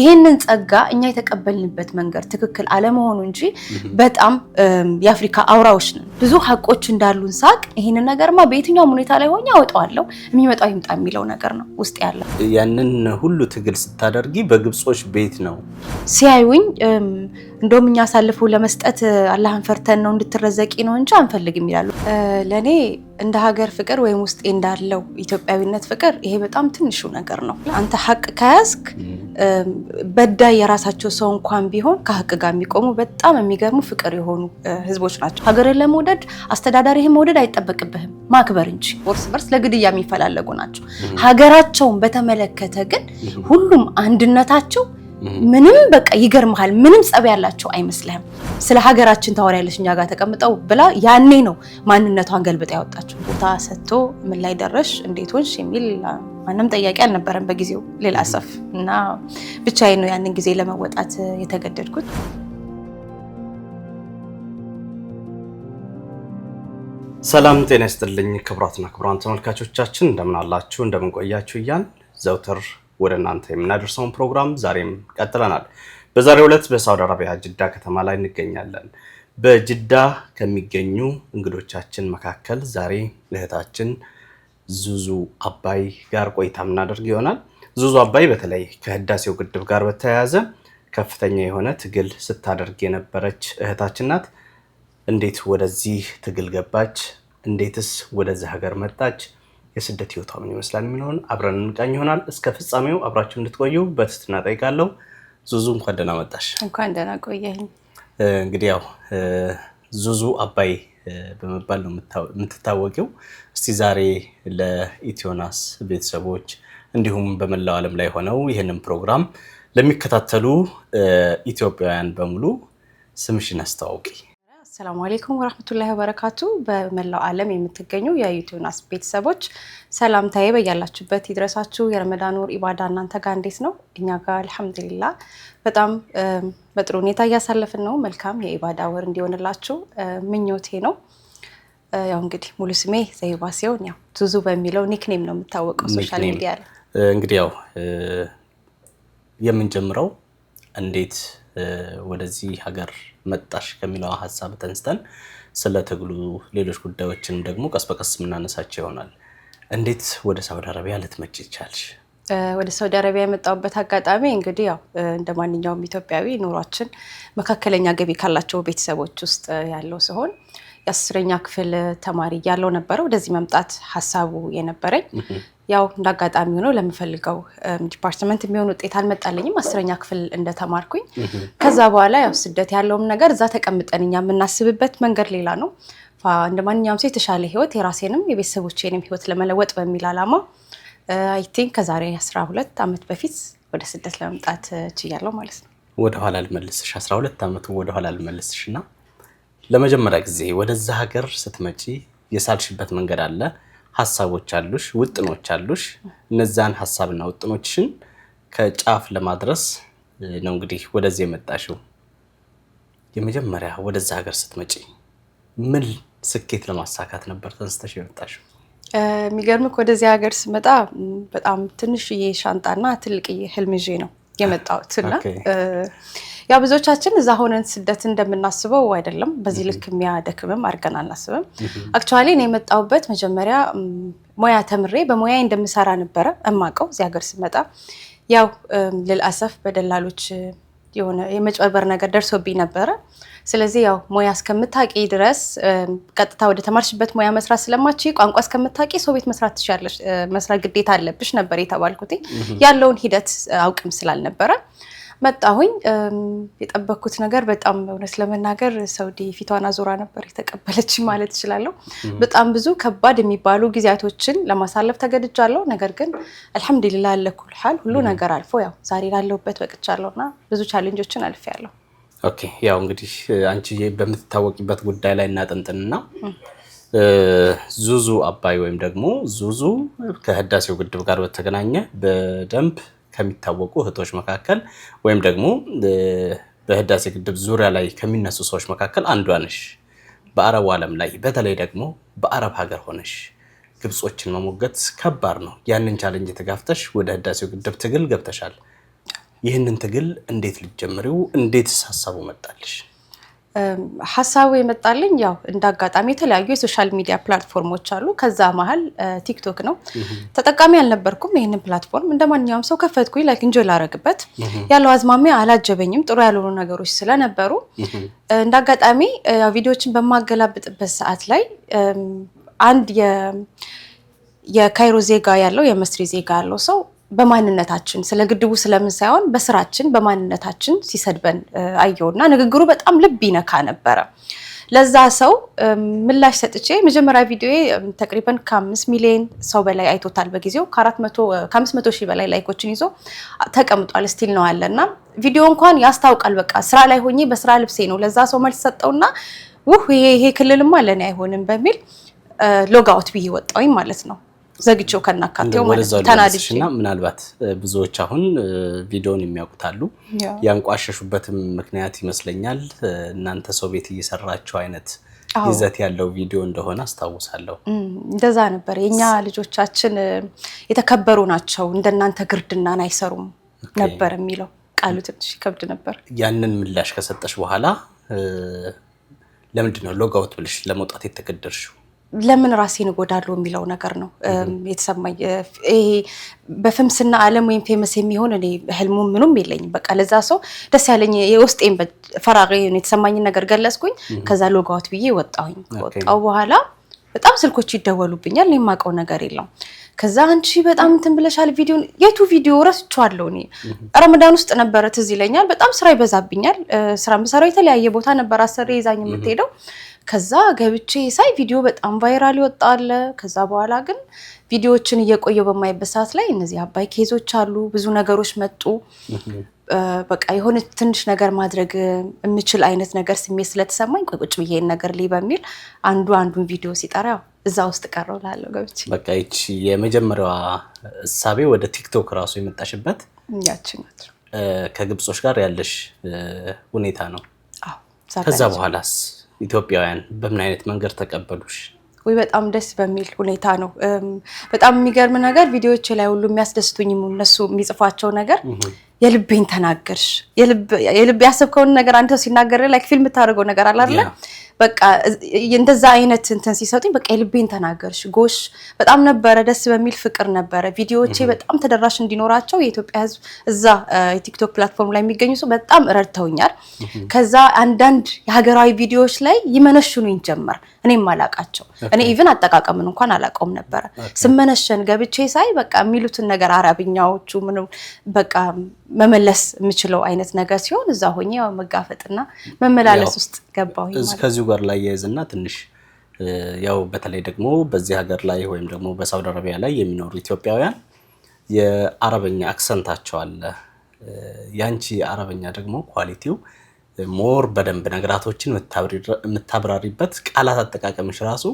ይሄንን ጸጋ እኛ የተቀበልንበት መንገድ ትክክል አለመሆኑ እንጂ በጣም የአፍሪካ አውራዎች ነን። ብዙ ሀቆች እንዳሉን ሳቅ ይሄንን ነገርማ በየትኛውም ሁኔታ ላይ ሆኜ አወጣዋለሁ የሚመጣው ይምጣ የሚለው ነገር ነው ውስጥ ያለ። ያንን ሁሉ ትግል ስታደርጊ በግብጾች ቤት ነው ሲያዩኝ እንደውም እኛ አሳልፈው ለመስጠት አላህን ፈርተን ነው እንድትረዘቂ ነው እንጂ አንፈልግም ይላሉ። ለእኔ እንደ ሀገር ፍቅር ወይም ውስጤ እንዳለው ኢትዮጵያዊነት ፍቅር ይሄ በጣም ትንሹ ነገር ነው። አንተ ሀቅ ከያዝክ በዳይ የራሳቸው ሰው እንኳን ቢሆን ከሀቅ ጋር የሚቆሙ በጣም የሚገርሙ ፍቅር የሆኑ ህዝቦች ናቸው። ሀገርን ለመውደድ አስተዳዳሪህን መውደድ አይጠበቅብህም፣ ማክበር እንጂ እርስ በርስ ለግድያ የሚፈላለጉ ናቸው። ሀገራቸውን በተመለከተ ግን ሁሉም አንድነታቸው ምንም በቃ ይገርምሃል። ምንም ጸብ ያላቸው አይመስልህም። ስለ ሀገራችን ታወሪያለሽ እኛ ጋር ተቀምጠው ብላ ያኔ ነው ማንነቷን ገልብጣ ያወጣችው። ቦታ ሰጥቶ ምን ላይ ደረሽ እንዴት ሆንሽ የሚል ማንም ጠያቂ አልነበረም በጊዜው ሌላ ሰፍ እና ብቻዬን ነው ያንን ጊዜ ለመወጣት የተገደድኩት። ሰላም ጤና ይስጥልኝ ክቡራትና ክቡራን ተመልካቾቻችን እንደምን አላችሁ እንደምን ቆያችሁ እያልን ዘውትር ወደ እናንተ የምናደርሰውን ፕሮግራም ዛሬም ቀጥለናል። በዛሬው ዕለት በሳውዲ አረቢያ ጅዳ ከተማ ላይ እንገኛለን። በጅዳ ከሚገኙ እንግዶቻችን መካከል ዛሬ እህታችን ዙዙ አባይ ጋር ቆይታ የምናደርግ ይሆናል። ዙዙ አባይ በተለይ ከህዳሴው ግድብ ጋር በተያያዘ ከፍተኛ የሆነ ትግል ስታደርግ የነበረች እህታችን ናት። እንዴት ወደዚህ ትግል ገባች? እንዴትስ ወደዚህ ሀገር መጣች? የስደት ህይወቷ ምን ይመስላል የሚለውን አብረን እንቃኝ ይሆናል። እስከ ፍጻሜው አብራችሁ እንድትቆዩ በትህትና ጠይቃለሁ። ዙዙ እንኳን ደህና መጣሽ። እንኳን ደህና ቆየኝ። እንግዲህ ያው ዙዙ አባይ በመባል ነው የምትታወቂው። እስቲ ዛሬ ለኢትዮናስ ቤተሰቦች እንዲሁም በመላው ዓለም ላይ ሆነው ይህንን ፕሮግራም ለሚከታተሉ ኢትዮጵያውያን በሙሉ ስምሽን አስተዋውቂ። ሰላም አሌይኩም ወራህመቱላሂ ወበረካቱ። በመላው ዓለም የምትገኙ የዩቲዩናስ ቤተሰቦች ሰላምታዬ በያላችሁበት ይድረሳችሁ። የረመዳን ወር ኢባዳ እናንተ ጋር እንዴት ነው? እኛ ጋር አልሐምዱሊላ በጣም በጥሩ ሁኔታ እያሳለፍን ነው። መልካም የኢባዳ ወር እንዲሆንላችሁ ምኞቴ ነው። ያው እንግዲህ ሙሉ ስሜ ዘይባ ሲሆን ያው ዙዙ በሚለው ኒክኔም ነው የምታወቀው ሶሻል ሚዲያ ላይ። እንግዲህ ያው የምንጀምረው እንዴት ወደዚህ ሀገር መጣሽ ከሚለው ሀሳብ ተንስተን ስለ ትግሉ ሌሎች ጉዳዮችን ደግሞ ቀስ በቀስ የምናነሳቸው ይሆናል። እንዴት ወደ ሳውዲ አረቢያ ልትመጭ ይቻልሽ? ወደ ሳውዲ አረቢያ የመጣሁበት አጋጣሚ እንግዲህ ያው እንደ ማንኛውም ኢትዮጵያዊ ኑሯችን መካከለኛ ገቢ ካላቸው ቤተሰቦች ውስጥ ያለው ሲሆን የአስረኛ ክፍል ተማሪ እያለሁ ነበረ ወደዚህ መምጣት ሀሳቡ የነበረኝ ያው እንዳጋጣሚ ሆኖ ለምፈልገው ዲፓርትመንት የሚሆን ውጤት አልመጣለኝም። አስረኛ ክፍል እንደተማርኩኝ ከዛ በኋላ ያው ስደት ያለውም ነገር እዛ ተቀምጠን እኛ የምናስብበት መንገድ ሌላ ነው። እንደ ማንኛውም ሰው የተሻለ ህይወት የራሴንም የቤተሰቦቼንም ህይወት ለመለወጥ በሚል አላማ አይቲንክ ከዛሬ 12 ዓመት በፊት ወደ ስደት ለመምጣት ችያለው ማለት ነው። ወደኋላ ልመልስሽ፣ 12 ዓመቱ ወደኋላ ልመልስሽ እና ለመጀመሪያ ጊዜ ወደዛ ሀገር ስትመጪ የሳልሽበት መንገድ አለ ሀሳቦች አሉሽ፣ ውጥኖች አሉሽ። እነዛን ሀሳብና ውጥኖችሽን ከጫፍ ለማድረስ ነው እንግዲህ ወደዚህ የመጣሽው። የመጀመሪያ ወደዛ ሀገር ስትመጪ ምን ስኬት ለማሳካት ነበር ተነስተሽ የመጣሽው? የሚገርምክ ወደዚህ ሀገር ስመጣ በጣም ትንሽዬ ሻንጣና ትልቅዬ ህልም ይዤ ነው የመጣሁት እና ያ ብዙዎቻችን እዛ ሆነን ስደት እንደምናስበው አይደለም። በዚህ ልክ የሚያደክምም አድርገን አናስብም። አክቹዋሊ እኔ የመጣሁበት መጀመሪያ ሙያ ተምሬ በሙያ እንደምሰራ ነበረ እማቀው። እዚህ ሀገር ስመጣ ያው ልልአሰፍ በደላሎች የሆነ የመጭበርበር ነገር ደርሶብኝ ነበረ። ስለዚህ ያው ሙያ እስከምታቂ ድረስ ቀጥታ ወደ ተማርሽበት ሙያ መስራት ስለማች ቋንቋ እስከምታቂ ሰው ቤት መስራት ትችያለሽ መስራት ግዴታ አለብሽ ነበር የተባልኩት። ያለውን ሂደት አውቅም ስላልነበረ መጣሁኝ። የጠበኩት ነገር በጣም እውነት ለመናገር ሰውዲ ፊቷን አዞራ ነበር የተቀበለች ማለት እችላለሁ። በጣም ብዙ ከባድ የሚባሉ ጊዜያቶችን ለማሳለፍ ተገድጃለሁ። ነገር ግን አልሐምዱሊላ አለኩል ሀል ሁሉ ነገር አልፎ ያው ዛሬ ላለሁበት በቅቻለሁ እና ብዙ ቻሌንጆችን ያለሁ። ኦኬ ያው እንግዲህ አንቺ በምትታወቂበት ጉዳይ ላይ እናጠንጥንና ዙዙ አባይ ወይም ደግሞ ዙዙ ከህዳሴው ግድብ ጋር በተገናኘ በደንብ ከሚታወቁ እህቶች መካከል ወይም ደግሞ በህዳሴ ግድብ ዙሪያ ላይ ከሚነሱ ሰዎች መካከል አንዷ ነሽ። በአረቡ ዓለም ላይ በተለይ ደግሞ በአረብ ሀገር ሆነሽ ግብጾችን መሞገት ከባድ ነው። ያንን ቻለንጅ ተጋፍተሽ ወደ ህዳሴው ግድብ ትግል ገብተሻል። ይህንን ትግል እንዴት ልጀምሪው፣ እንዴት ሳሳቡ መጣልሽ? ሀሳቡ የመጣልኝ ያው እንደ አጋጣሚ የተለያዩ የሶሻል ሚዲያ ፕላትፎርሞች አሉ። ከዛ መሀል ቲክቶክ ነው። ተጠቃሚ አልነበርኩም። ይህንን ፕላትፎርም እንደ ማንኛውም ሰው ከፈትኩኝ፣ ላይክ እንጆ ላረግበት። ያለው አዝማሚያ አላጀበኝም፣ ጥሩ ያልሆኑ ነገሮች ስለነበሩ እንዳጋጣሚ ቪዲዮዎችን በማገላብጥበት ሰዓት ላይ አንድ የካይሮ ዜጋ ያለው የመስሪ ዜጋ ያለው ሰው በማንነታችን ስለ ግድቡ ስለምን ሳይሆን በስራችን በማንነታችን ሲሰድበን እና ንግግሩ በጣም ልብ ይነካ ነበረ። ለዛ ሰው ምላሽ ሰጥቼ መጀመሪያ ቪዲዮ ተቅሪበን ከአምስት ሚሊዮን ሰው በላይ አይቶታል። በጊዜው ከአምስት መቶ ሺህ በላይ ላይኮችን ይዞ ተቀምጧል። ስቲል ነው አለ እና ቪዲዮ እንኳን ያስታውቃል። በቃ ስራ ላይ ሆኜ በስራ ልብሴ ነው ለዛ ሰው መልስ ሰጠውና ውህ ይሄ ክልልማ ለእኔ አይሆንም በሚል ሎጋውት ብዬ ወጣሁኝ ማለት ነው። ዘግቼው ከናካቴው ተናድጄና ምናልባት ብዙዎች አሁን ቪዲዮን የሚያውቁታሉ ያንቋሸሹበትም ምክንያት ይመስለኛል እናንተ ሰው ቤት እየሰራችሁ አይነት ይዘት ያለው ቪዲዮ እንደሆነ አስታውሳለሁ። እንደዛ ነበር። የእኛ ልጆቻችን የተከበሩ ናቸው እንደናንተ ግርድናን አይሰሩም ነበር የሚለው ቃሉ ትንሽ ይከብድ ነበር። ያንን ምላሽ ከሰጠሽ በኋላ ለምንድን ነው ሎጋውት ብለሽ ለመውጣት የተገደርሽው? ለምን ራሴን እጎዳለሁ የሚለው ነገር ነው የተሰማኝ። ይሄ በፍምስና ዓለም ወይም ፌመስ የሚሆን እኔ ህልሙ ምኑም የለኝም። በቃ ለዛ ሰው ደስ ያለኝ የውስጤን ፈራሪ የተሰማኝን ነገር ገለጽኩኝ። ከዛ ሎጋውት ብዬ ወጣሁኝ። ከወጣሁ በኋላ በጣም ስልኮች ይደወሉብኛል። እኔ የማውቀው ነገር የለውም። ከዛ አንቺ በጣም እንትን ብለሻል። ቪዲዮን የቱ ቪዲዮ ረስቼዋለሁ። እኔ ረመዳን ውስጥ ነበረ ትዝ ይለኛል። በጣም ስራ ይበዛብኛል። ስራ የምሰራው የተለያየ ቦታ ነበር። አሰሬ ይዛኝ የምትሄደው ከዛ ገብቼ ሳይ ቪዲዮ በጣም ቫይራል ይወጣል። ከዛ በኋላ ግን ቪዲዮዎችን እየቆየው በማይበት ሰዓት ላይ እነዚህ አባይ ኬዞች አሉ፣ ብዙ ነገሮች መጡ። በቃ የሆነ ትንሽ ነገር ማድረግ የምችል አይነት ነገር ስሜት ስለተሰማኝ ቁጭ ነገር ልይ በሚል አንዱ አንዱን ቪዲዮ ሲጠራ እዛ ውስጥ ቀረው ላለው ገብቼ በቃ ይቺ የመጀመሪያዋ እሳቤ ወደ ቲክቶክ ራሱ የመጣሽበት ያችን ከግብጾች ጋር ያለሽ ሁኔታ ነው። ከዛ በኋላስ ኢትዮጵያውያን በምን አይነት መንገድ ተቀበሉሽ? ወይ በጣም ደስ በሚል ሁኔታ ነው። በጣም የሚገርም ነገር ቪዲዮዎች ላይ ሁሉ የሚያስደስቱኝ እነሱ የሚጽፏቸው ነገር የልቤን ተናገርሽ፣ የልብ ያሰብከውን ነገር አንተ ሲናገር ላይ ፊልም ታደርገው ነገር አለ አይደለ በቃ እንደዛ አይነት እንትን ሲሰጡኝ በቃ የልቤን ተናገርሽ ጎሽ በጣም ነበረ ደስ በሚል ፍቅር ነበረ። ቪዲዮዎቼ በጣም ተደራሽ እንዲኖራቸው የኢትዮጵያ ሕዝብ እዛ የቲክቶክ ፕላትፎርም ላይ የሚገኙ ሰው በጣም ረድተውኛል። ከዛ አንዳንድ የሀገራዊ ቪዲዮዎች ላይ ይመነሽኑኝ ጀመር። እኔም አላቃቸው እኔ ኢቭን አጠቃቀምን እንኳን አላቀውም ነበረ። ስመነሸን ገብቼ ሳይ በቃ የሚሉትን ነገር አረብኛዎቹ ምን በቃ መመለስ የምችለው አይነት ነገር ሲሆን እዛ ሆኜ መጋፈጥና መመላለስ ውስጥ ከዚሁ ጋር ላይ ያይዝና ትንሽ ያው በተለይ ደግሞ በዚህ ሀገር ላይ ወይም ደግሞ በሳውዲ አረቢያ ላይ የሚኖሩ ኢትዮጵያውያን የአረበኛ አክሰንታቸው አለ። ያንቺ አረበኛ ደግሞ ኳሊቲው ሞር በደንብ ነገራቶችን የምታብራሪበት ቃላት አጠቃቀምሽ ራሱ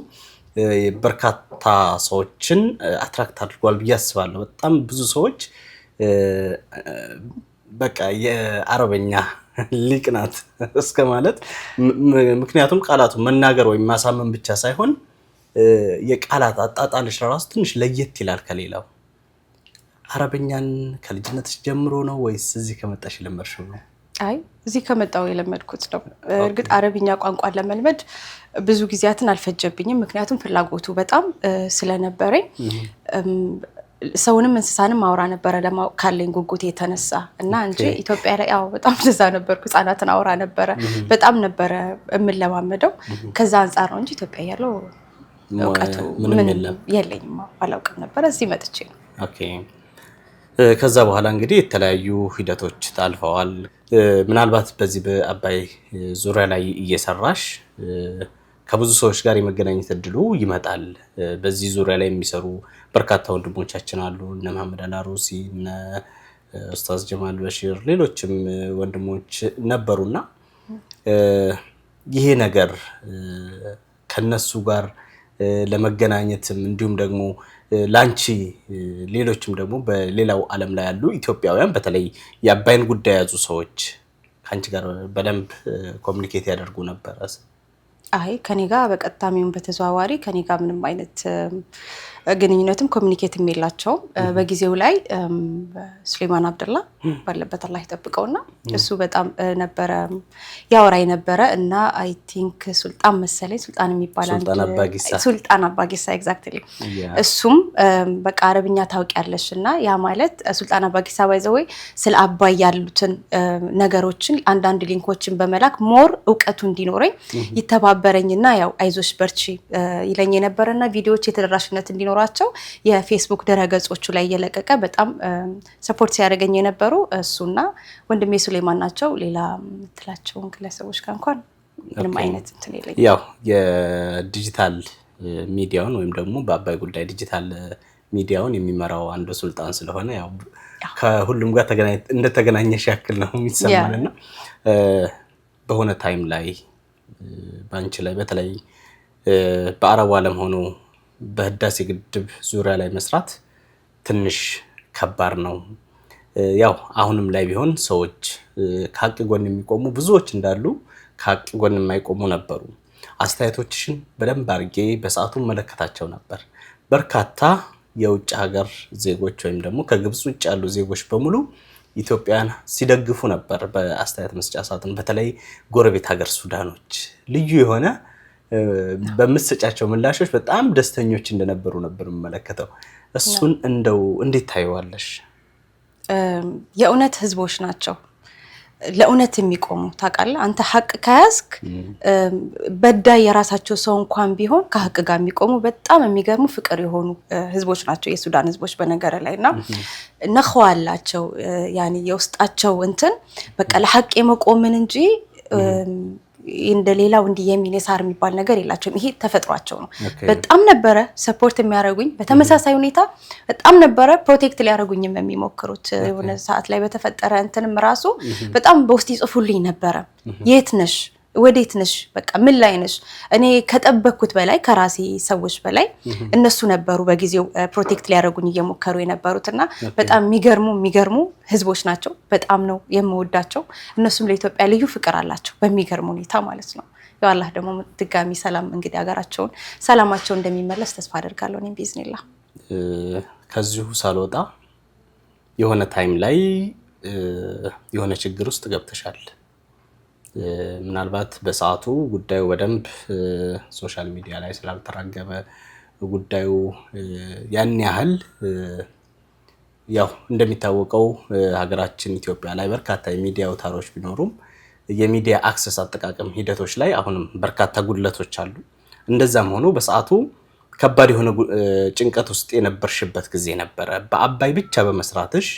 በርካታ ሰዎችን አትራክት አድርጓል ብዬ አስባለሁ። በጣም ብዙ ሰዎች በቃ የአረበኛ ሊቅ ናት እስከ ማለት ምክንያቱም ቃላቱ መናገር ወይም ማሳመን ብቻ ሳይሆን የቃላት አጣጣልሽ ራሱ ትንሽ ለየት ይላል ከሌላው። አረበኛን ከልጅነትሽ ጀምሮ ነው ወይስ እዚህ ከመጣሽ የለመድሽው ነው? አይ እዚህ ከመጣው የለመድኩት ነው። እርግጥ አረብኛ ቋንቋን ለመልመድ ብዙ ጊዜያትን አልፈጀብኝም፣ ምክንያቱም ፍላጎቱ በጣም ስለነበረኝ ሰውንም እንስሳንም አውራ ነበረ ለማወቅ ካለኝ ጉጉት የተነሳ እና እንጂ ኢትዮጵያ ላይ ያው በጣም ደዛ ነበርኩ። ህጻናትን አውራ ነበረ በጣም ነበረ የምለማመደው። ከዛ አንጻር ነው እንጂ ኢትዮጵያ ያለው እውቀቱ ምንም የለኝም፣ አላውቅም ነበረ። እዚህ መጥቼ ነው። ከዛ በኋላ እንግዲህ የተለያዩ ሂደቶች ታልፈዋል። ምናልባት በዚህ በአባይ ዙሪያ ላይ እየሰራሽ ከብዙ ሰዎች ጋር የመገናኘት እድሉ ይመጣል። በዚህ ዙሪያ ላይ የሚሰሩ በርካታ ወንድሞቻችን አሉ። እነ መሐመድ አላሩሲ፣ እነ ኡስታዝ ጀማል በሺር፣ ሌሎችም ወንድሞች ነበሩና ይሄ ነገር ከነሱ ጋር ለመገናኘትም እንዲሁም ደግሞ ላንቺ ሌሎችም ደግሞ በሌላው ዓለም ላይ ያሉ ኢትዮጵያውያን በተለይ የአባይን ጉዳይ የያዙ ሰዎች ከአንቺ ጋር በደንብ ኮሚኒኬት ያደርጉ ነበረ። አይ ከኔ ጋር በቀጥታም ይሁን በተዘዋዋሪ ከኔ ጋር ምንም አይነት ግንኙነትም ኮሚኒኬትም የላቸውም። በጊዜው ላይ ሱሌማን አብደላ ባለበት አላህ ይጠብቀውና እሱ በጣም ነበረ ያወራ የነበረ እና አይ ቲንክ ሱልጣን መሰለኝ ሱልጣን የሚባል ሱልጣን አባጊሳ ኤግዛክትሊ። እሱም በቃ አረብኛ ታውቂያለሽ እና ያ ማለት ሱልጣን አባጊሳ ባይዘወይ ስለ አባይ ያሉትን ነገሮችን አንዳንድ ሊንኮችን በመላክ ሞር እውቀቱ እንዲኖረኝ ይተባበረኝና ያው አይዞሽ በርቺ ይለኝ የነበረና ቪዲዮዎች የተደራሽነት እንዲኖ ሳይኖራቸው የፌስቡክ ድረገጾቹ ላይ እየለቀቀ በጣም ሰፖርት ሲያደርገኝ የነበሩ እሱና ወንድሜ ሱሌማን ናቸው። ሌላ የምትላቸውን ግለሰቦች ጋር እንኳን ምንም አይነት እንትን የለኝም። ያው የዲጂታል ሚዲያውን ወይም ደግሞ በአባይ ጉዳይ ዲጂታል ሚዲያውን የሚመራው አንዱ ሱልጣን ስለሆነ ያው ከሁሉም ጋር እንደተገናኘሽ ያክል ነው የሚሰማን እና በሆነ ታይም ላይ በአንቺ ላይ በተለይ በአረቡ ዓለም ሆኖ በህዳሴ ግድብ ዙሪያ ላይ መስራት ትንሽ ከባድ ነው። ያው አሁንም ላይ ቢሆን ሰዎች ከሀቅ ጎን የሚቆሙ ብዙዎች እንዳሉ ከሀቅ ጎን የማይቆሙ ነበሩ። አስተያየቶችሽን በደንብ አድርጌ በሰዓቱ መለከታቸው ነበር። በርካታ የውጭ ሀገር ዜጎች ወይም ደግሞ ከግብፅ ውጭ ያሉ ዜጎች በሙሉ ኢትዮጵያን ሲደግፉ ነበር። በአስተያየት መስጫ ሳጥን በተለይ ጎረቤት ሀገር ሱዳኖች ልዩ የሆነ በምትሰጫቸው ምላሾች በጣም ደስተኞች እንደነበሩ ነበር የምመለከተው። እሱን እንደው እንዴት ታየዋለሽ? የእውነት ህዝቦች ናቸው ለእውነት የሚቆሙ ታውቃለህ። አንተ ሀቅ ከያዝክ በዳይ የራሳቸው ሰው እንኳን ቢሆን ከሀቅ ጋር የሚቆሙ በጣም የሚገርሙ ፍቅር የሆኑ ህዝቦች ናቸው የሱዳን ህዝቦች። በነገር ላይ እና ነኸዋ አላቸው ያኔ የውስጣቸው እንትን በቃ ለሀቅ የመቆምን እንጂ እንደሌላው እንዲህ የሚል የሳር የሚባል ነገር የላቸውም። ይሄ ተፈጥሯቸው ነው። በጣም ነበረ ሰፖርት የሚያደርጉኝ። በተመሳሳይ ሁኔታ በጣም ነበረ ፕሮቴክት ሊያደርጉኝም የሚሞክሩት። የሆነ ሰዓት ላይ በተፈጠረ እንትንም ራሱ በጣም በውስጥ ይጽፉልኝ ነበረ የት ነሽ ወዴት ነሽ? በቃ ምን ላይ ነሽ? እኔ ከጠበኩት በላይ ከራሴ ሰዎች በላይ እነሱ ነበሩ በጊዜው ፕሮቴክት ሊያደርጉኝ እየሞከሩ የነበሩት እና በጣም የሚገርሙ የሚገርሙ ህዝቦች ናቸው። በጣም ነው የምወዳቸው። እነሱም ለኢትዮጵያ ልዩ ፍቅር አላቸው በሚገርም ሁኔታ ማለት ነው። ያው አላህ ደግሞ ድጋሚ ሰላም እንግዲህ ሀገራቸውን ሰላማቸው እንደሚመለስ ተስፋ አደርጋለሁ። እኔም ቢዝኔላ ከዚሁ ሳልወጣ የሆነ ታይም ላይ የሆነ ችግር ውስጥ ገብተሻል ምናልባት በሰዓቱ ጉዳዩ በደንብ ሶሻል ሚዲያ ላይ ስላልተራገበ ጉዳዩ ያን ያህል ያው እንደሚታወቀው ሀገራችን ኢትዮጵያ ላይ በርካታ የሚዲያ አውታሮች ቢኖሩም የሚዲያ አክሰስ አጠቃቀም ሂደቶች ላይ አሁንም በርካታ ጉድለቶች አሉ። እንደዛም ሆኖ በሰዓቱ ከባድ የሆነ ጭንቀት ውስጥ የነበርሽበት ጊዜ ነበረ። በአባይ ብቻ በመስራትሽ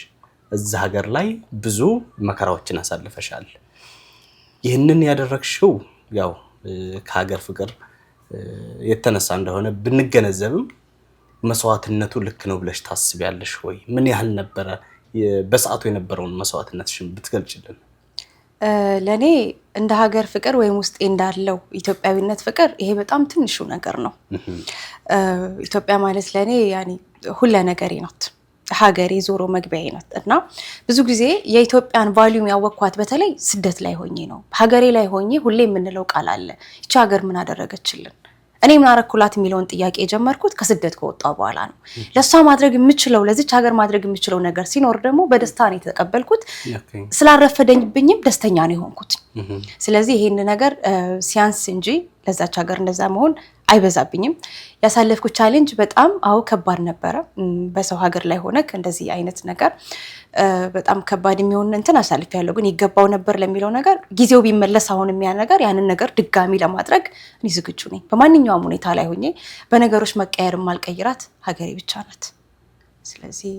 እዚ ሀገር ላይ ብዙ መከራዎችን አሳልፈሻል። ይህንን ያደረግሽው ያው ከሀገር ፍቅር የተነሳ እንደሆነ ብንገነዘብም መስዋዕትነቱ ልክ ነው ብለሽ ታስቢያለሽ ወይ? ምን ያህል ነበረ? በሰዓቱ የነበረውን መስዋዕትነትሽን ብትገልጭልን። ለእኔ እንደ ሀገር ፍቅር ወይም ውስጤ እንዳለው ኢትዮጵያዊነት ፍቅር ይሄ በጣም ትንሹ ነገር ነው። ኢትዮጵያ ማለት ለእኔ ሁለ ነገሬ ናት። ሀገሬ የዞሮ መግቢያ ናት እና ብዙ ጊዜ የኢትዮጵያን ቫሊዩም ያወቅኳት በተለይ ስደት ላይ ሆኜ ነው። ሀገሬ ላይ ሆኜ ሁሌ የምንለው ቃል አለ፣ ይቺ ሀገር ምን አደረገችልን፣ እኔ ምን አረኩላት የሚለውን ጥያቄ የጀመርኩት ከስደት ከወጣ በኋላ ነው። ለእሷ ማድረግ የምችለው ለዚች ሀገር ማድረግ የምችለው ነገር ሲኖር ደግሞ በደስታ ነው የተቀበልኩት። ስላረፈደኝብኝም ደስተኛ ነው የሆንኩት። ስለዚህ ይሄን ነገር ሲያንስ እንጂ ለዛች ሀገር እንደዛ መሆን አይበዛብኝም። ያሳለፍኩት ቻሌንጅ በጣም አዎ ከባድ ነበረ። በሰው ሀገር ላይ ሆነ እንደዚህ አይነት ነገር በጣም ከባድ የሚሆን እንትን አሳልፍ ያለው ግን ይገባው ነበር ለሚለው ነገር ጊዜው ቢመለስ አሁን የሚያ ነገር ያንን ነገር ድጋሚ ለማድረግ እኔ ዝግጁ ነኝ። በማንኛውም ሁኔታ ላይ ሆኜ በነገሮች መቀየር ማልቀይራት ሀገሬ ብቻ ናት። ስለዚህ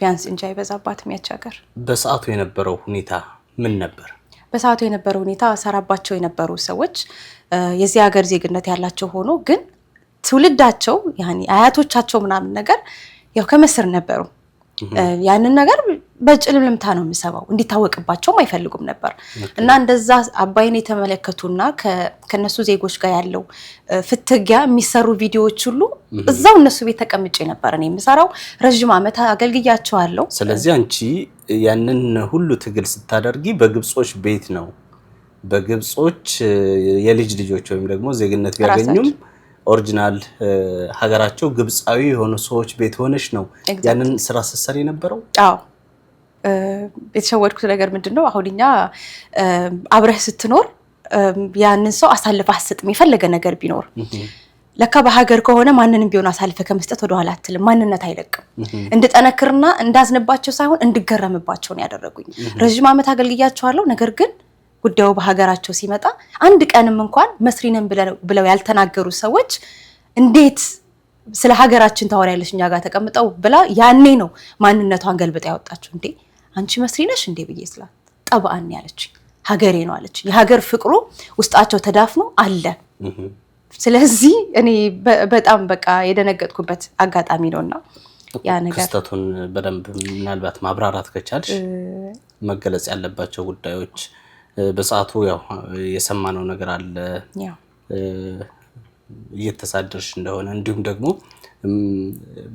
ቢያንስ እንጂ አይበዛባትም ያች ሀገር። በሰዓቱ የነበረው ሁኔታ ምን ነበር? በሰዓቱ የነበረ ሁኔታ ሰራባቸው የነበሩ ሰዎች የዚህ ሀገር ዜግነት ያላቸው ሆኖ ግን ትውልዳቸው አያቶቻቸው ምናምን ነገር ያው ከመስር ነበሩ። ያንን ነገር በጭልምልምታ ነው የሚሰባው፣ እንዲታወቅባቸውም አይፈልጉም ነበር እና እንደዛ አባይን የተመለከቱና ከነሱ ዜጎች ጋር ያለው ፍትጊያ የሚሰሩ ቪዲዮዎች ሁሉ እዛው እነሱ ቤት ተቀምጬ ነበር እኔ የምሰራው። ረዥም ዓመት አገልግያቸዋለሁ። ስለዚህ አንቺ ያንን ሁሉ ትግል ስታደርጊ በግብጾች ቤት ነው በግብጾች የልጅ ልጆች ወይም ደግሞ ዜግነት ቢያገኙም ኦሪጂናል ሀገራቸው ግብፃዊ የሆኑ ሰዎች ቤት ሆነች ነው ያንን ስራ ስትሰሪ የነበረው። አዎ የተሸወድኩት ነገር ምንድን ነው? አሁን እኛ አብረህ ስትኖር ያንን ሰው አሳልፈ አትሰጥም። የፈለገ ነገር ቢኖር ለካ በሀገር ከሆነ ማንንም ቢሆን አሳልፈ ከመስጠት ወደኋላ አትልም። ማንነት አይለቅም። እንድጠነክርና እንዳዝንባቸው ሳይሆን እንድገረምባቸው ነው ያደረጉኝ። ረዥም ዓመት አገልግያቸዋለሁ። ነገር ግን ጉዳዩ በሀገራቸው ሲመጣ አንድ ቀንም እንኳን መስሪንም ብለው ያልተናገሩ ሰዎች እንዴት ስለ ሀገራችን ታወሪያለሽ እኛ ጋር ተቀምጠው ብላ ያኔ ነው ማንነቷን ገልብጣ ያወጣቸው እንዴ አንቺ መስሪ ነሽ እንዴ ብዬ ስላት ጠብአን ያለች ሀገሬ ነው አለች። የሀገር ፍቅሩ ውስጣቸው ተዳፍኖ አለ። ስለዚህ እኔ በጣም በቃ የደነገጥኩበት አጋጣሚ ነውና ያ ነገር ክስተቱን በደንብ ምናልባት ማብራራት ከቻልሽ መገለጽ ያለባቸው ጉዳዮች በሰዓቱ ያው የሰማነው ነገር አለ እየተሳደርሽ እንደሆነ እንዲሁም ደግሞ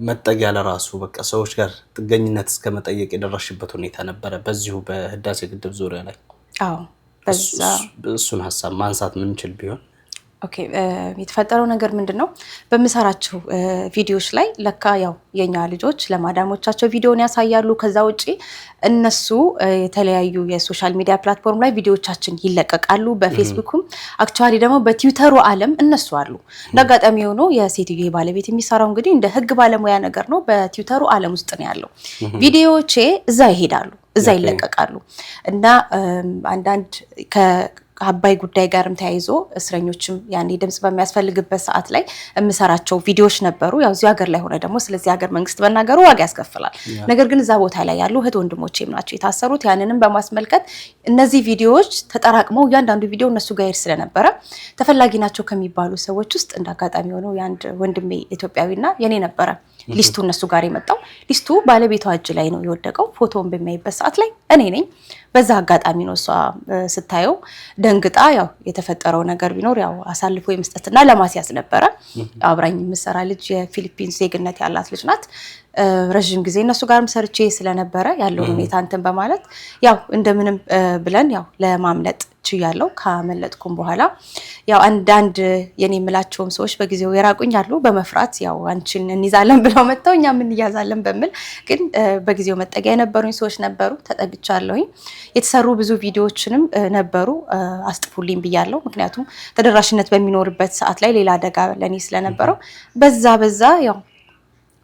መጠጊያ ለራሱ በቃ ሰዎች ጋር ጥገኝነት እስከ መጠየቅ የደረሽበት ሁኔታ ነበረ በዚሁ በህዳሴ ግድብ ዙሪያ ላይ። እሱን ሀሳብ ማንሳት ምንችል ቢሆን ኦኬ የተፈጠረው ነገር ምንድን ነው? በምሰራቸው ቪዲዮዎች ላይ ለካ ያው የኛ ልጆች ለማዳሞቻቸው ቪዲዮን ያሳያሉ። ከዛ ውጪ እነሱ የተለያዩ የሶሻል ሚዲያ ፕላትፎርም ላይ ቪዲዮዎቻችን ይለቀቃሉ። በፌስቡክም አክቹዋሊ ደግሞ በትዊተሩ አለም እነሱ አሉ። እንደ አጋጣሚ ሆኖ የሴትዮ ባለቤት የሚሰራው እንግዲህ እንደ ህግ ባለሙያ ነገር ነው። በትዊተሩ አለም ውስጥ ነው ያለው። ቪዲዮዎቼ እዛ ይሄዳሉ፣ እዛ ይለቀቃሉ እና አንዳንድ ከአባይ ጉዳይ ጋርም ተያይዞ እስረኞችም ያኔ ድምጽ በሚያስፈልግበት ሰዓት ላይ የምሰራቸው ቪዲዮዎች ነበሩ። ያው እዚህ ሀገር ላይ ሆነ ደግሞ ስለዚህ ሀገር መንግስት መናገሩ ዋጋ ያስከፍላል። ነገር ግን እዛ ቦታ ላይ ያሉ እህት ወንድሞቼም ናቸው የታሰሩት። ያንንም በማስመልከት እነዚህ ቪዲዮዎች ተጠራቅመው እያንዳንዱ ቪዲዮ እነሱ ጋር ሄድ ስለነበረ ተፈላጊ ናቸው ከሚባሉ ሰዎች ውስጥ እንደ አጋጣሚ ሆነው የአንድ ወንድሜ ኢትዮጵያዊና የኔ ነበረ ሊስቱ እነሱ ጋር የመጣው ሊስቱ ባለቤቷ እጅ ላይ ነው የወደቀው። ፎቶውን በሚያይበት ሰዓት ላይ እኔ ነኝ በዛ አጋጣሚ ነው እሷ ስታየው ደንግጣ፣ ያው የተፈጠረው ነገር ቢኖር ያው አሳልፎ የመስጠትና ለማስያዝ ነበረ። አብራኝ የምሰራ ልጅ የፊሊፒንስ ዜግነት ያላት ልጅ ናት። ረዥም ጊዜ እነሱ ጋርም ሰርቼ ስለነበረ ያለውን ሁኔታ እንትን በማለት ያው እንደምንም ብለን ያው ለማምለጥ ችያለው ካመለጥኩም በኋላ ያው አንዳንድ የኔ የምላቸውም ሰዎች በጊዜው የራቁኝ አሉ። በመፍራት ያው አንቺን እንይዛለን ብለው መጥተው እኛም እንያዛለን በሚል ግን በጊዜው መጠጊያ የነበሩኝ ሰዎች ነበሩ። ተጠግቻለሁኝ። የተሰሩ ብዙ ቪዲዮዎችንም ነበሩ አስጥፉልኝ ብያለው። ምክንያቱም ተደራሽነት በሚኖርበት ሰዓት ላይ ሌላ አደጋ ለእኔ ስለነበረው በዛ በዛ ያው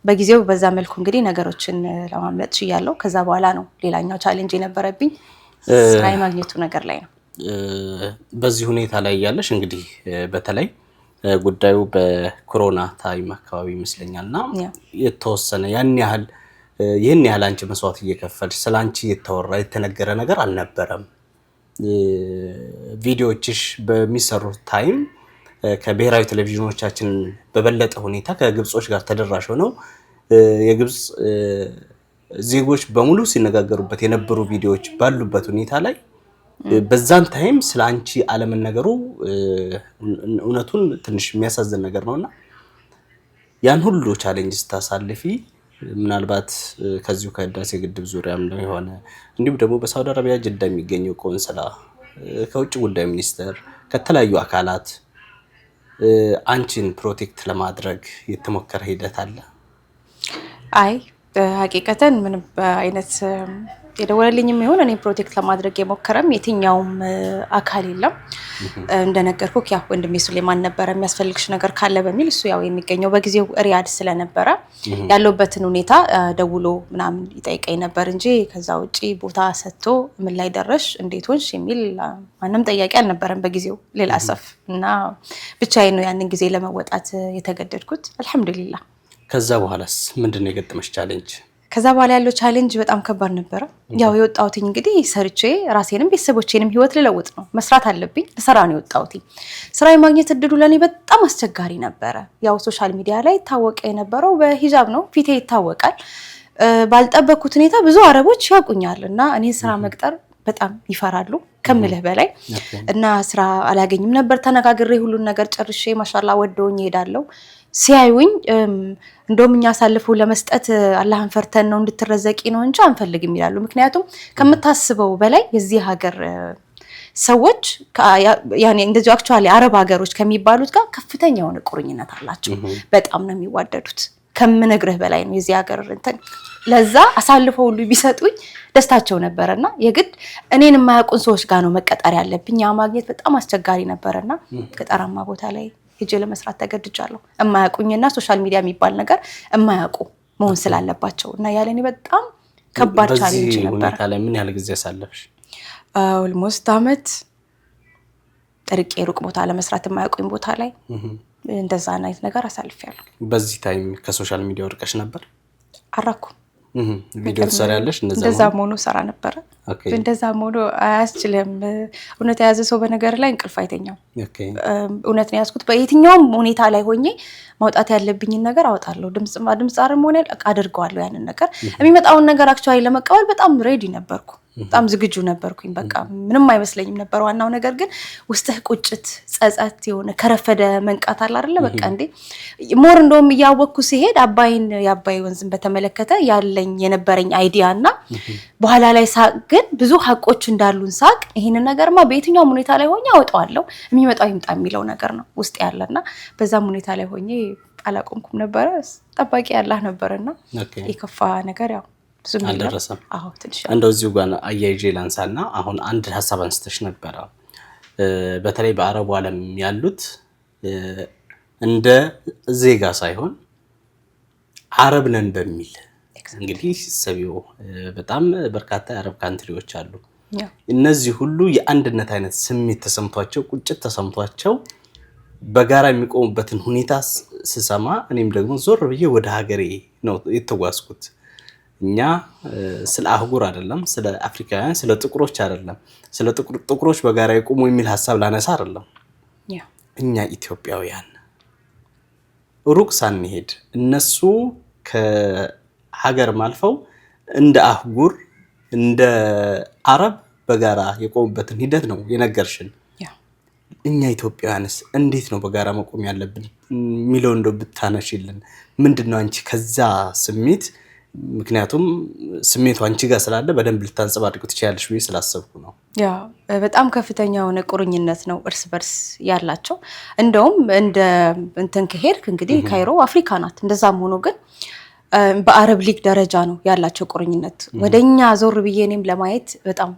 በጊዜው በዛ መልኩ እንግዲህ ነገሮችን ለማምለጥ ችያለው። ከዛ በኋላ ነው ሌላኛው ቻሌንጅ የነበረብኝ ስራ የማግኘቱ ነገር ላይ ነው። በዚህ ሁኔታ ላይ ያለሽ እንግዲህ በተለይ ጉዳዩ በኮሮና ታይም አካባቢ ይመስለኛል እና የተወሰነ ያን ያህል ይህን ያህል አንቺ መስዋዕት እየከፈልሽ ስለ አንቺ የተወራ የተነገረ ነገር አልነበረም። ቪዲዮዎችሽ በሚሰሩት ታይም ከብሔራዊ ቴሌቪዥኖቻችን በበለጠ ሁኔታ ከግብጾች ጋር ተደራሽ ሆነው የግብፅ ዜጎች በሙሉ ሲነጋገሩበት የነበሩ ቪዲዮዎች ባሉበት ሁኔታ ላይ በዛን ታይም ስለ አንቺ አለምን ነገሩ እውነቱን ትንሽ የሚያሳዝን ነገር ነውና ያን ሁሉ ቻሌንጅ ስታሳልፊ ምናልባት ከዚሁ ከህዳሴ ግድብ ዙሪያም ነው የሆነ እንዲሁም ደግሞ በሳውዲ አረቢያ ጅዳ የሚገኘው ቆንስላ ከውጭ ጉዳይ ሚኒስቴር ከተለያዩ አካላት አንቺን ፕሮቴክት ለማድረግ የተሞከረ ሂደት አለ? አይ ሀቂቀተን ምንም አይነት የደወለልኝም ይሁን እኔ ፕሮቴክት ለማድረግ የሞከረም የትኛውም አካል የለም። እንደነገርኩ ያ ወንድሜ ሱሌማን ነበረ የሚያስፈልግሽ ነገር ካለ በሚል እሱ ያው የሚገኘው በጊዜው ሪያድ ስለነበረ ያለውበትን ሁኔታ ደውሎ ምናምን ይጠይቀኝ ነበር እንጂ ከዛ ውጭ ቦታ ሰጥቶ ምን ላይ ደረሽ፣ እንዴት ሆንሽ የሚል ማንም ጠያቂ አልነበረም በጊዜው ሌላ ሰፍ እና ብቻዬን ነው ያንን ጊዜ ለመወጣት የተገደድኩት። አልሐምዱሊላ። ከዛ በኋላስ ምንድን ነው የገጠመሽ ቻሌንጅ? ከዛ በኋላ ያለው ቻሌንጅ በጣም ከባድ ነበረ። ያው የወጣሁትኝ እንግዲህ ሰርቼ ራሴንም ቤተሰቦቼንም ህይወት ልለውጥ ነው፣ መስራት አለብኝ። ልሰራ ነው የወጣሁትኝ። ስራ የማግኘት እድሉ ለእኔ በጣም አስቸጋሪ ነበረ። ያው ሶሻል ሚዲያ ላይ ይታወቀ የነበረው በሂጃብ ነው፣ ፊቴ ይታወቃል። ባልጠበቅኩት ሁኔታ ብዙ አረቦች ያውቁኛል እና እኔን ስራ መቅጠር በጣም ይፈራሉ ከምልህ በላይ እና ስራ አላገኝም ነበር። ተነጋግሬ ሁሉን ነገር ጨርሼ ማሻላ ወደውኝ እሄዳለሁ። ሲያዩኝ እንደውም እኛ አሳልፎ ለመስጠት አላህን ፈርተን ነው እንድትረዘቂ ነው እንጂ አንፈልግም ይላሉ። ምክንያቱም ከምታስበው በላይ የዚህ ሀገር ሰዎች እንደዚሁ አክቹዋሊ አረብ ሀገሮች ከሚባሉት ጋር ከፍተኛ የሆነ ቁርኝነት አላቸው። በጣም ነው የሚዋደዱት። ከምነግርህ በላይ ነው የዚህ ሀገር እንትን። ለዛ አሳልፈው ሁሉ ቢሰጡኝ ደስታቸው እና የግድ እኔን የማያውቁን ሰዎች ጋር ነው መቀጠር ያለብኝ። ያ ማግኘት በጣም አስቸጋሪ እና ገጠራማ ቦታ ላይ ሄጄ ለመስራት ተገድጃለሁ። እማያውቁኝና ሶሻል ሚዲያ የሚባል ነገር እማያውቁ መሆን ስላለባቸው እና ያለኔ በጣም ከባድ ቻሌንጅ ነበር። ላይ ምን ያህል ጊዜ ያሳለፍሽ? ኦልሞስት አመት ጥርቄ ሩቅ ቦታ ለመስራት የማያውቁኝ ቦታ ላይ እንደዛ አይነት ነገር አሳልፌያለሁ። በዚህ ታይም ከሶሻል ሚዲያ ወርቀሽ ነበር? አራኩም ቪዲዮ ትሰሪያለሽ? እንደዛ መሆኑ ሰራ ነበረ። እንደዛ መሆኑ አያስችልም። እውነት የያዘ ሰው በነገር ላይ እንቅልፍ አይተኛም። እውነት ነው የያዝኩት። በየትኛውም ሁኔታ ላይ ሆኜ ማውጣት ያለብኝን ነገር አወጣለሁ። ድምፅ ድምፅ አርም ሆነ አድርገዋለሁ። ያንን ነገር የሚመጣውን ነገር አክቹዋሊ ለመቀበል በጣም ሬዲ ነበርኩ። በጣም ዝግጁ ነበርኩኝ። በቃ ምንም አይመስለኝም ነበር። ዋናው ነገር ግን ውስጥህ ቁጭት፣ ጸጸት፣ የሆነ ከረፈደ መንቃት አለ አይደለ? በቃ እንዴ ሞር እንደውም እያወቅኩ ሲሄድ አባይን የአባይ ወንዝን በተመለከተ ያለኝ የነበረኝ አይዲያ እና በኋላ ላይ ሳቅ ግን ብዙ ሀቆች እንዳሉን ሳቅ ይህንን ነገርማ በየትኛውም ሁኔታ ላይ ሆኜ አወጣዋለሁ የሚመጣው ይምጣ የሚለው ነገር ነው ውስጥ ያለ እና በዛም ሁኔታ ላይ ሆኜ አላቆምኩም ነበረ። ጠባቂ ያላህ ነበረና የከፋ ነገር ያው አልደረሰም። እንደው እዚሁ ጋር አያይዤ ላንሳና አሁን አንድ ሀሳብ አንስተሽ ነበረ። በተለይ በአረቡ ዓለም ያሉት እንደ ዜጋ ሳይሆን አረብ ነን በሚል እንግዲህ ሰቢው በጣም በርካታ የአረብ ካንትሪዎች አሉ። እነዚህ ሁሉ የአንድነት አይነት ስሜት ተሰምቷቸው ቁጭት ተሰምቷቸው በጋራ የሚቆሙበትን ሁኔታ ስሰማ እኔም ደግሞ ዞር ብዬ ወደ ሀገሬ ነው የተጓዝኩት። እኛ ስለ አህጉር አይደለም፣ ስለ አፍሪካውያን፣ ስለ ጥቁሮች አይደለም፣ ስለ ጥቁሮች በጋራ ይቁሙ የሚል ሀሳብ ላነሳ አይደለም። እኛ ኢትዮጵያውያን ሩቅ ሳንሄድ እነሱ ከሀገርም አልፈው እንደ አህጉር እንደ አረብ በጋራ የቆሙበትን ሂደት ነው የነገርሽን። እኛ ኢትዮጵያውያንስ እንዴት ነው በጋራ መቆም ያለብን የሚለው እንደው ብታነሽልን፣ ምንድን ነው አንቺ ከዛ ስሜት ምክንያቱም ስሜቱ አንቺ ጋር ስላለ በደንብ ልታንጸባርቁ ትችላለች ብዬ ስላሰብኩ ነው። ያ በጣም ከፍተኛ የሆነ ቁርኝነት ነው እርስ በርስ ያላቸው። እንደውም እንደ እንትን ከሄድክ እንግዲህ ካይሮ አፍሪካ ናት። እንደዛም ሆኖ ግን በአረብ ሊግ ደረጃ ነው ያላቸው ቁርኝነት። ወደ እኛ ዞር ብዬ እኔም ለማየት በጣም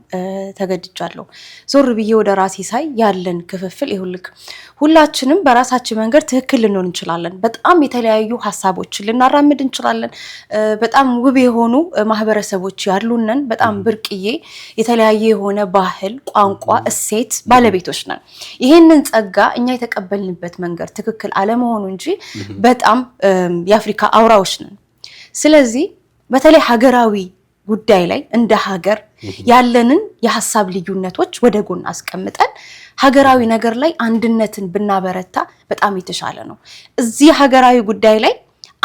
ተገድጃለሁ። ዞር ብዬ ወደ ራሴ ሳይ ያለን ክፍፍል ይሁልክ ሁላችንም በራሳችን መንገድ ትክክል ልንሆን እንችላለን። በጣም የተለያዩ ሀሳቦችን ልናራምድ እንችላለን። በጣም ውብ የሆኑ ማህበረሰቦች ያሉነን፣ በጣም ብርቅዬ የተለያየ የሆነ ባህል፣ ቋንቋ፣ እሴት ባለቤቶች ነን። ይህንን ጸጋ እኛ የተቀበልንበት መንገድ ትክክል አለመሆኑ እንጂ በጣም የአፍሪካ አውራዎች ነን። ስለዚህ በተለይ ሀገራዊ ጉዳይ ላይ እንደ ሀገር ያለንን የሀሳብ ልዩነቶች ወደ ጎን አስቀምጠን ሀገራዊ ነገር ላይ አንድነትን ብናበረታ በጣም የተሻለ ነው። እዚህ ሀገራዊ ጉዳይ ላይ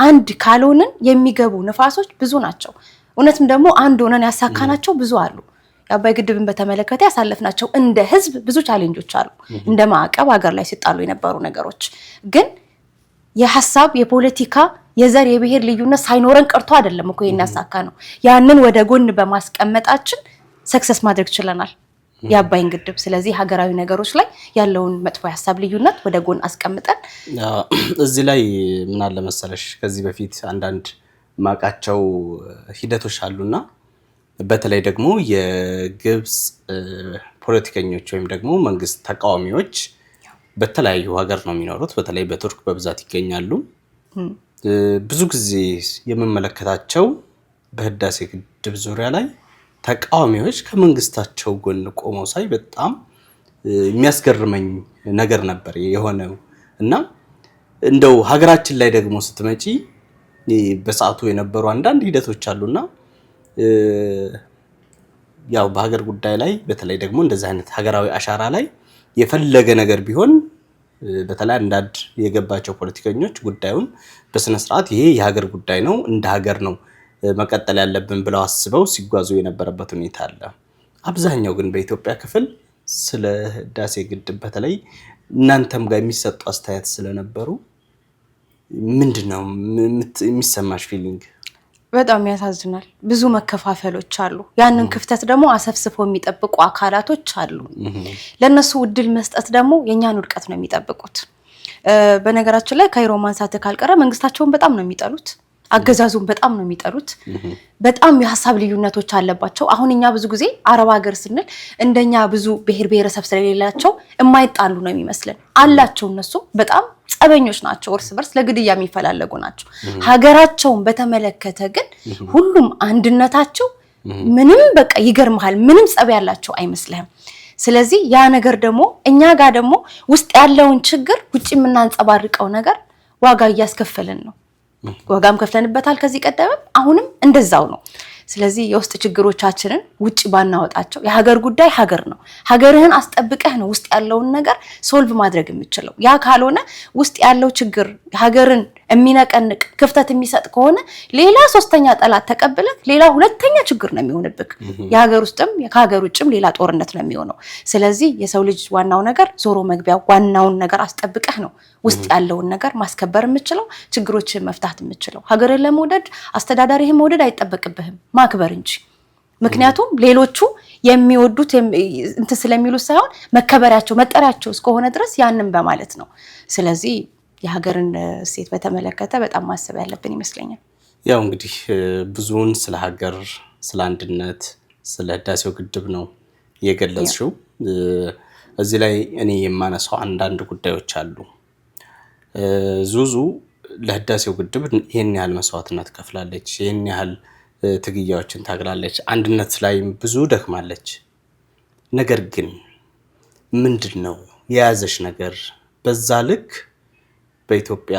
አንድ ካልሆንን የሚገቡ ንፋሶች ብዙ ናቸው። እውነትም ደግሞ አንድ ሆነን ያሳካናቸው ብዙ አሉ። የአባይ ግድብን በተመለከተ ያሳለፍናቸው እንደ ህዝብ ብዙ ቻሌንጆች አሉ። እንደ ማዕቀብ ሀገር ላይ ሲጣሉ የነበሩ ነገሮች ግን የሀሳብ የፖለቲካ የዘር የብሔር ልዩነት ሳይኖረን ቀርቶ አይደለም እኮ የሚያሳካ ነው። ያንን ወደ ጎን በማስቀመጣችን ሰክሰስ ማድረግ ችለናል የአባይን ግድብ። ስለዚህ ሀገራዊ ነገሮች ላይ ያለውን መጥፎ ሀሳብ ልዩነት ወደ ጎን አስቀምጠን እዚህ ላይ ምን አለ መሰለሽ ከዚህ በፊት አንዳንድ ማቃቸው ሂደቶች አሉና በተለይ ደግሞ የግብፅ ፖለቲከኞች ወይም ደግሞ መንግስት ተቃዋሚዎች በተለያዩ ሀገር ነው የሚኖሩት። በተለይ በቱርክ በብዛት ይገኛሉ። ብዙ ጊዜ የምመለከታቸው በህዳሴ ግድብ ዙሪያ ላይ ተቃዋሚዎች ከመንግስታቸው ጎን ቆመው ሳይ በጣም የሚያስገርመኝ ነገር ነበር የሆነው እና እንደው ሀገራችን ላይ ደግሞ ስትመጪ በሰዓቱ የነበሩ አንዳንድ ሂደቶች አሉና ያው በሀገር ጉዳይ ላይ በተለይ ደግሞ እንደዚህ አይነት ሀገራዊ አሻራ ላይ የፈለገ ነገር ቢሆን በተለይ አንዳንድ የገባቸው ፖለቲከኞች ጉዳዩን በስነስርዓት ይሄ የሀገር ጉዳይ ነው፣ እንደ ሀገር ነው መቀጠል ያለብን ብለው አስበው ሲጓዙ የነበረበት ሁኔታ አለ። አብዛኛው ግን በኢትዮጵያ ክፍል ስለ ህዳሴ ግድብ በተለይ እናንተም ጋር የሚሰጡ አስተያየት ስለነበሩ ምንድን ነው የሚሰማሽ ፊሊንግ? በጣም ያሳዝናል። ብዙ መከፋፈሎች አሉ። ያንን ክፍተት ደግሞ አሰብስፎ የሚጠብቁ አካላቶች አሉ። ለእነሱ እድል መስጠት ደግሞ የእኛን ውድቀት ነው የሚጠብቁት። በነገራችን ላይ ካይሮ ማንሳት ካልቀረ መንግስታቸውን በጣም ነው የሚጠሉት። አገዛዙን በጣም ነው የሚጠሩት። በጣም የሀሳብ ልዩነቶች አለባቸው። አሁን እኛ ብዙ ጊዜ አረብ ሀገር ስንል እንደኛ ብዙ ብሔር ብሔረሰብ ስለሌላቸው የማይጣሉ ነው የሚመስለን። አላቸው እነሱ በጣም ጸበኞች ናቸው። እርስ በርስ ለግድያ የሚፈላለጉ ናቸው። ሀገራቸውን በተመለከተ ግን ሁሉም አንድነታቸው ምንም በቃ ይገርምሃል። ምንም ጸብ ያላቸው አይመስልህም። ስለዚህ ያ ነገር ደግሞ እኛ ጋር ደግሞ ውስጥ ያለውን ችግር ውጭ የምናንጸባርቀው ነገር ዋጋ እያስከፈልን ነው። ዋጋም ከፍተንበታል ከዚህ ቀደምም፣ አሁንም እንደዛው ነው። ስለዚህ የውስጥ ችግሮቻችንን ውጭ ባናወጣቸው፣ የሀገር ጉዳይ ሀገር ነው። ሀገርህን አስጠብቀህ ነው ውስጥ ያለውን ነገር ሶልቭ ማድረግ የምችለው። ያ ካልሆነ ውስጥ ያለው ችግር ሀገርን የሚነቀንቅ ክፍተት የሚሰጥ ከሆነ ሌላ ሶስተኛ ጠላት ተቀብለ ሌላ ሁለተኛ ችግር ነው የሚሆንብክ። የሀገር ውስጥም ከሀገር ውጭም ሌላ ጦርነት ነው የሚሆነው። ስለዚህ የሰው ልጅ ዋናው ነገር ዞሮ መግቢያ ዋናውን ነገር አስጠብቀህ ነው ውስጥ ያለውን ነገር ማስከበር የምችለው ችግሮችን መፍታት የምችለው። ሀገርን ለመውደድ አስተዳዳሪህን መውደድ አይጠበቅብህም ማክበር እንጂ ምክንያቱም ሌሎቹ የሚወዱት እንትን ስለሚሉት ሳይሆን መከበሪያቸው መጠሪያቸው እስከሆነ ድረስ ያንን በማለት ነው። ስለዚህ የሀገርን እሴት በተመለከተ በጣም ማሰብ ያለብን ይመስለኛል። ያው እንግዲህ ብዙውን ስለ ሀገር፣ ስለ አንድነት፣ ስለ ህዳሴው ግድብ ነው የገለጽሽው። እዚህ ላይ እኔ የማነሳው አንዳንድ ጉዳዮች አሉ። ዙዙ ለህዳሴው ግድብ ይህን ያህል መስዋዕትነት ከፍላለች፣ ይህን ያህል ትግያዎችን ታግላለች፣ አንድነት ላይም ብዙ ደክማለች። ነገር ግን ምንድን ነው የያዘሽ ነገር በዛ ልክ በኢትዮጵያ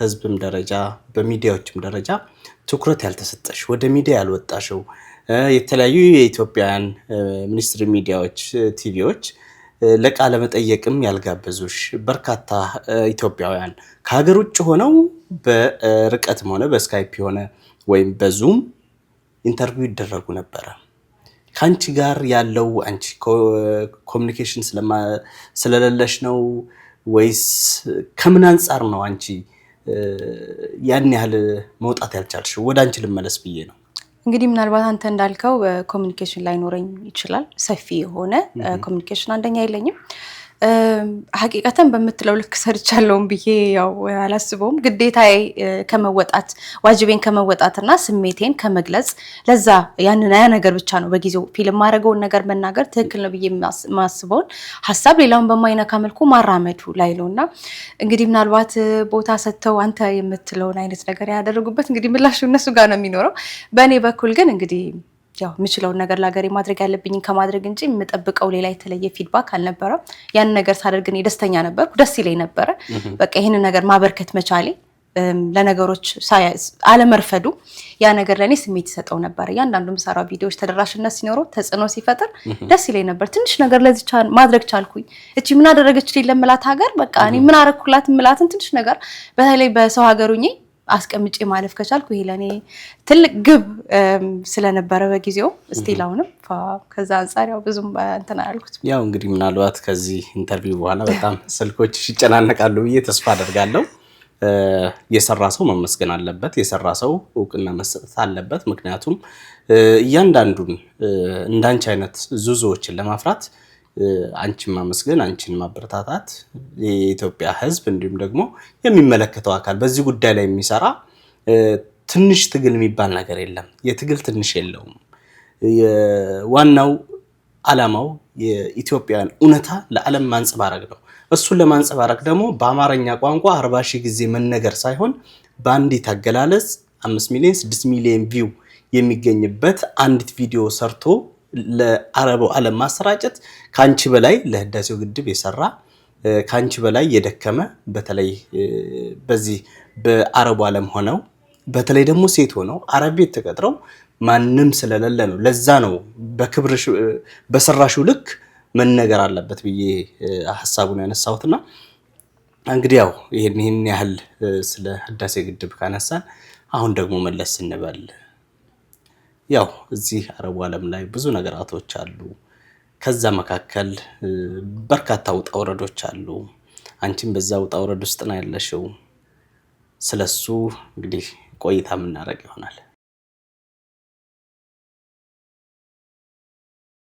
ህዝብም ደረጃ በሚዲያዎችም ደረጃ ትኩረት ያልተሰጠሽ ወደ ሚዲያ ያልወጣሽው የተለያዩ የኢትዮጵያውያን ሚኒስትሪ ሚዲያዎች፣ ቲቪዎች ለቃለ መጠየቅም ያልጋበዙሽ በርካታ ኢትዮጵያውያን ከሀገር ውጭ ሆነው በርቀትም ሆነ በስካይፕ የሆነ ወይም በዙም ኢንተርቪው ይደረጉ ነበረ። ከአንቺ ጋር ያለው አንቺ ኮሚኒኬሽን ስለሌለሽ ነው ወይስ ከምን አንጻር ነው አንቺ ያን ያህል መውጣት ያልቻልሽ? ወደ አንቺ ልመለስ ብዬ ነው። እንግዲህ ምናልባት አንተ እንዳልከው ኮሚኒኬሽን ላይኖረኝ ይችላል። ሰፊ የሆነ ኮሚኒኬሽን አንደኛ የለኝም ሀቂቀተን በምትለው ልክ ሰርቻለውን ብዬ ያው አላስበውም። ግዴታዬ ከመወጣት ዋጅቤን ከመወጣትና ስሜቴን ከመግለጽ ለዛ ያንን ያ ነገር ብቻ ነው በጊዜው ፊልም ማድረገውን ነገር መናገር ትክክል ነው ብዬ የማስበውን ሀሳብ ሌላውን በማይነካ መልኩ ማራመዱ ላይ ነው እና እንግዲህ ምናልባት ቦታ ሰጥተው አንተ የምትለውን አይነት ነገር ያደረጉበት እንግዲህ ምላሹ እነሱ ጋር ነው የሚኖረው። በእኔ በኩል ግን እንግዲህ ያው የምችለውን ነገር ለሀገሬ ማድረግ ያለብኝን ከማድረግ እንጂ የምጠብቀው ሌላ የተለየ ፊድባክ አልነበረም። ያንን ነገር ሳደርግ እኔ ደስተኛ ነበርኩ፣ ደስ ይለኝ ነበረ። በቃ ይህንን ነገር ማበርከት መቻሌ ለነገሮች አለመርፈዱ ያ ነገር ለእኔ ስሜት ይሰጠው ነበር። እያንዳንዱ የምሰራው ቪዲዮዎች ተደራሽነት ሲኖረው ተጽዕኖ ሲፈጥር ደስ ይለኝ ነበር። ትንሽ ነገር ለዚህ ማድረግ ቻልኩኝ። እቺ ምን አደረገች ለምላት ሀገር በቃ እኔ ምን አረኩላት ምላትን ትንሽ ነገር በተለይ በሰው ሀገሩኝ አስቀምጬ ማለፍ ከቻልኩ ይሄ ለእኔ ትልቅ ግብ ስለነበረ በጊዜው እስቲል አሁንም ከዛ አንጻር ያው ብዙም እንትን አላልኩት። ያው እንግዲህ ምናልባት ከዚህ ኢንተርቪው በኋላ በጣም ስልኮች ይጨናነቃሉ ብዬ ተስፋ አደርጋለሁ። የሰራ ሰው መመስገን አለበት። የሰራ ሰው እውቅና መሰጠት አለበት። ምክንያቱም እያንዳንዱን እንዳንቺ አይነት ዙዞዎችን ለማፍራት አንቺን ማመስገን አንቺን ማበረታታት የኢትዮጵያ ህዝብ እንዲሁም ደግሞ የሚመለከተው አካል በዚህ ጉዳይ ላይ የሚሰራ ትንሽ ትግል የሚባል ነገር የለም። የትግል ትንሽ የለውም። ዋናው አላማው የኢትዮጵያን እውነታ ለዓለም ማንጸባረቅ ነው። እሱን ለማንጸባረቅ ደግሞ በአማርኛ ቋንቋ አርባ ሺህ ጊዜ መነገር ሳይሆን በአንዲት አገላለጽ አምስት ሚሊዮን ስድስት ሚሊዮን ቪው የሚገኝበት አንዲት ቪዲዮ ሰርቶ ለአረቡ ዓለም ማሰራጨት ከአንቺ በላይ ለህዳሴው ግድብ የሰራ ከአንቺ በላይ የደከመ በተለይ በዚህ በአረቡ ዓለም ሆነው በተለይ ደግሞ ሴት ሆነው አረብ ቤት ተቀጥረው ማንም ስለሌለ ነው። ለዛ ነው በክብርሽ በሰራሹ ልክ መነገር አለበት ብዬ ሀሳቡን ያነሳሁትና እንግዲህ ያው ይህን ያህል ስለ ህዳሴ ግድብ ካነሳን አሁን ደግሞ መለስ እንበል። ያው እዚህ አረቡ ዓለም ላይ ብዙ ነገራቶች አሉ። ከዛ መካከል በርካታ ውጣ ውረዶች አሉ። አንቺም በዛ ውጣ ውረድ ውስጥ ነው ያለሽው። ስለሱ እንግዲህ ቆይታ የምናደርግ ይሆናል።